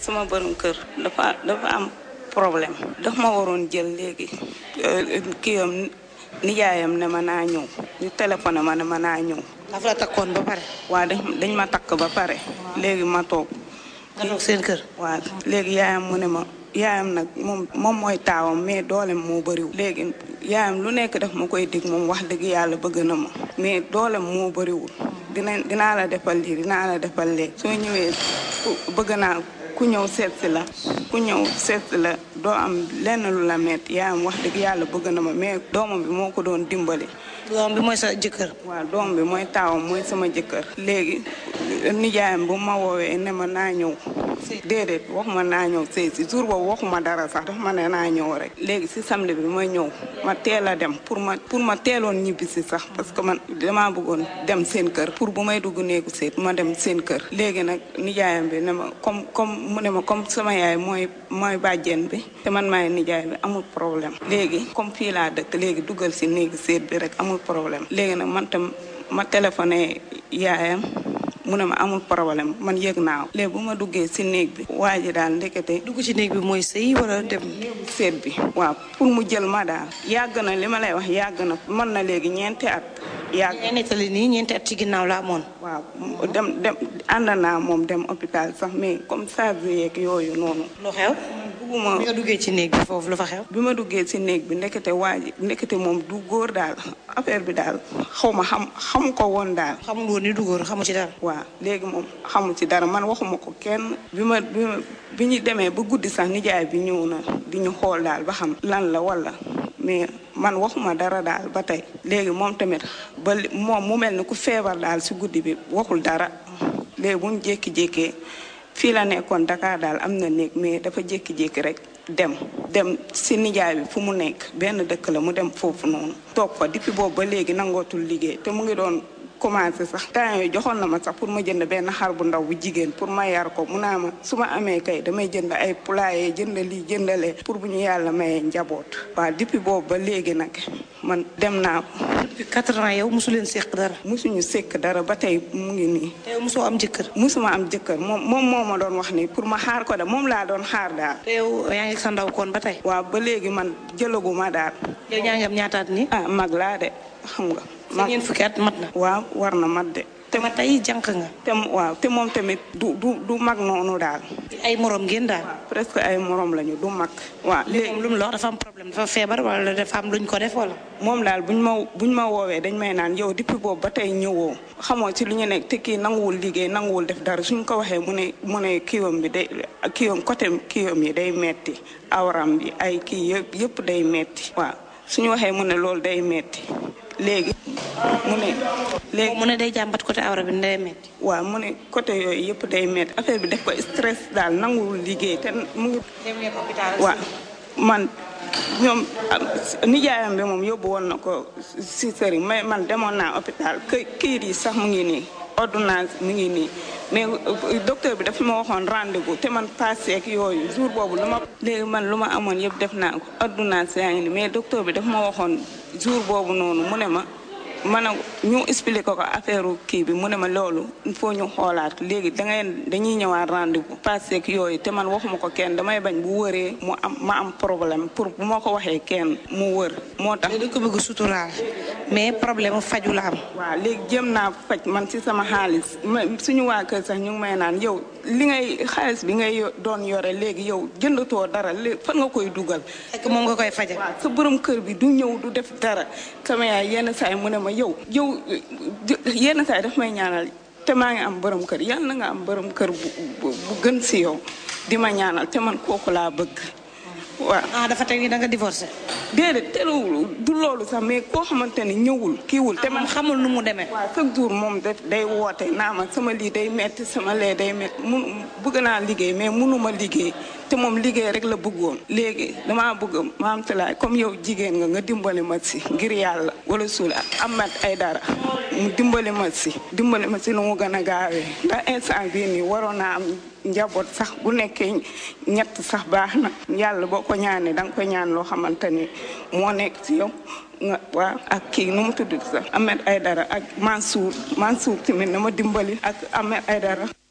sama borom kër dafa dafa am problème daf ma waroon jël léegi euh, kiyam nijaayam ne ma naa ñëw ñu téléphoné ma ne ma naa ñëw. dafa la takkoon ba pare. waaw dañ ma takk ba pare. léegi ma toog. seen kër. waaw léegi yaayam mu ne ma yaayam nag moom moom mooy taawam mais doolem moo bëriwul. léegi yaayam lu nekk def ma koy dig moom wax dëgg yàlla bëgg na ma. mais doolem moo bëriwul. Hmm. dina dinaa la defal lii dinaa la defal lee soo ñëwee bëgg naa. ku ñëw seet la ku ñëw seet la doo am lenn lu la metti yaa am wax dëgg yàlla bëgg na ma mais doomam bi moo ko doon dimbali. doom bi mooy sa jëkkër. waaw doom bi mooy taawam mooy sama jëkkër. léegi nijaayam bu ma woowee ne ma naa ñëw. sëy déedéet waxuma naa ñëw sëy si jour boobu waxuma dara sax dafa ma ne naa ñëw rek léegi si samedi bi ma ñëw ma teel a dem pour ma pour ma teeloon ñibbi si sax parce que man damaa bëggoon dem seen kër pour bu may dugg néegu sëy ma dem seen kër léegi nag nijaayam bi ne ma comme comme mu ne ma comme sama yaay mooy mooy bàjjen bi te man maay nijaay bi amul problème léegi comme fii laa dëkk léegi dugal si néegu sëy bi rek amul problème léegi nag man tam ma téléphoné yaayam mu ne ma amul problème man yëg naaw léegi bu ma duggee si néeg bi waa ji daal ndekete dugg ci néeg bi mooy sëy wala dem néegu seet bi waaw pour mu jël ma daal yàgg na li ma lay wax yàgg na mën na léegi ñeenti at yàgg nettali nii ñeenti at ci ginnaaw laa moon waaw dem dem ànd naa moom dem hôpital sax mais comme ça yeeg yooyu noonu lu xew yëguma bi nga duggee ci néeg bi foofu lu fa xew bi ma duggee ci néeg bi ndekete waa ji ndekete moom du góor daal affaire bi daal xaw ma xam xam ko woon daal xamul ni du xamu ci dara waaw léegi moom xamu ci dara man waxuma ko kenn bi ma bi bi ñu demee ba guddi sax nijaay bi ñëw na di ñu xool daal ba xam lan la wala mais man waxuma dara daal ba tey léegi moom tamit ba moom mu mel ni ku feebar daal si guddi bi waxul dara léegi bu jékki-jékkee fii la nekkoon Dakar daal am na néeg mais dafa jékki-jékki rek dem dem si nijaay bi fu mu nekk benn dëkk la mu dem foofu noonu toog fa depuis boobu ba léegi nangootul liggéey te mu ngi doon commencé sax temps yooyu joxoon na ma sax pour ma jënd benn xar bu ndaw bu jigéen pour ma yar ko mu naa ma su ma amee kay damay jënd ay poulailler jënd lii jëndalee pour bu ñu yàlla mayee njaboot waa depuis boobu ba léegi nag man dem naa ko. depuis yow mosu leen séq dara. mosuñu sekk dara ba tey mu ngi nii. tey mosoo am jëkkër. am jëkkër moom moom moo ma doon wax ni pour ma xaar ko de moom laa doon xaar daal. te yow yaa sa ndaw koon ba tey. waaw ba léegi man jëlaguma daal. yow yaa ñaataat nii. Ah, mag laa sa ñeent fukki at mat na. waaw war na mat de. te ma tey jànq nga. te waaw te moom tamit du du du mag noonu daal. ay moroom ngeen daal. presque ay morom lañu du mag. waaw léegi lu mu la problème dafa feebar wala dafa am luñ ko def wala. moom daal buñ ma buñ ma woowee dañ may naan yow depuis boobu ba tey ñëwoo xamoo ci lu ñu nekk te kii nanguwul liggéey nanguwul def dara suñ ko waxee mu ne mu ne kiiwam bi day kiiwam côté kiiwam yi day metti awram bi ay kii yëpp day metti su ñu waxee mu ne loolu day metti léegi mu ne. léegi mu ne day jàmbat côté awra bi day métti. waaw mu ne côté yooyu yëpp day métti affaire bi def ko stress daal nanguwul liggéey te mu ngi. hôpital waaw man. ñoom nijaayam bi moom yóbbu woon na ko si sëriñ mais man demoon naa hôpital kë këyit yi sax mu ngi nii. ordonnance mu ngi nii mais euh, docteur bi dafa ma waxoon rendez-vous te man passé yooyu jour boobu lu ma léegi man lu ma amoon yëpp def naa ko ordonnance yaa ngi nii mais docteur bi daf ma waxoon jour boobu noonu mu ne ma man a ñu expliqué ko affaire kii bi mu ne ma loolu il faut ñu xoolaat léegi da ngay dañuy ñëwaat rendez-vous passé yooyu te man waxuma ko kenn damay bañ bu wëree mu am ma am problème pour bu ma ko waxee kenn mu wër moo tax. da ko bëgg suturaal mais problème faju la am. waaw léegi jëm naa faj man ci sama xaalis suñu waa kër sax ñu may naan yow li ngay xaalis bi ngay doon yore léegi yow jëndatoo dara léegi fan nga koy dugal. fekk moom nga koy faje waaw sa borom kër bi du ñëw du def dara sama yaay yenn saa mu ne ma yow. yow yenn saay yi daf may ñaanal te maa ngi am borom kër yàlla na nga am borom kër bu bu gën si yow di ma ñaanal te man kooku laa bëgg. waaw ah dafa teg ni da nga divorcé. déedéet teewul du loolu sax mais koo xamante ni ñëwul kiiwul. te ah, man xamul nu mu demee. waaw chaque jour moom def day woote naa ma sama lii day metti sama lee day metti mun bëgg naa liggéey mais munuma liggéey te moom liggéey rek la buggoon léegi damaa bëgg maam Talaay comme yow jigéen nga nga dimbali mag si ngir yàlla wala suul am ay dara. dimbali ma si dimbali ma si lu mu gën a gaawee ndax instant bii nii waroon naa am njaboot sax bu nekkee ñett sax baax na yàlla boo ko ñaanee da nga koy ñaan loo xamante ni moo nekk ci yow nga waaw ak kii nu mu tudd sax ay dara ak Mansour Mansour tamit na ma dimbali ak ay dara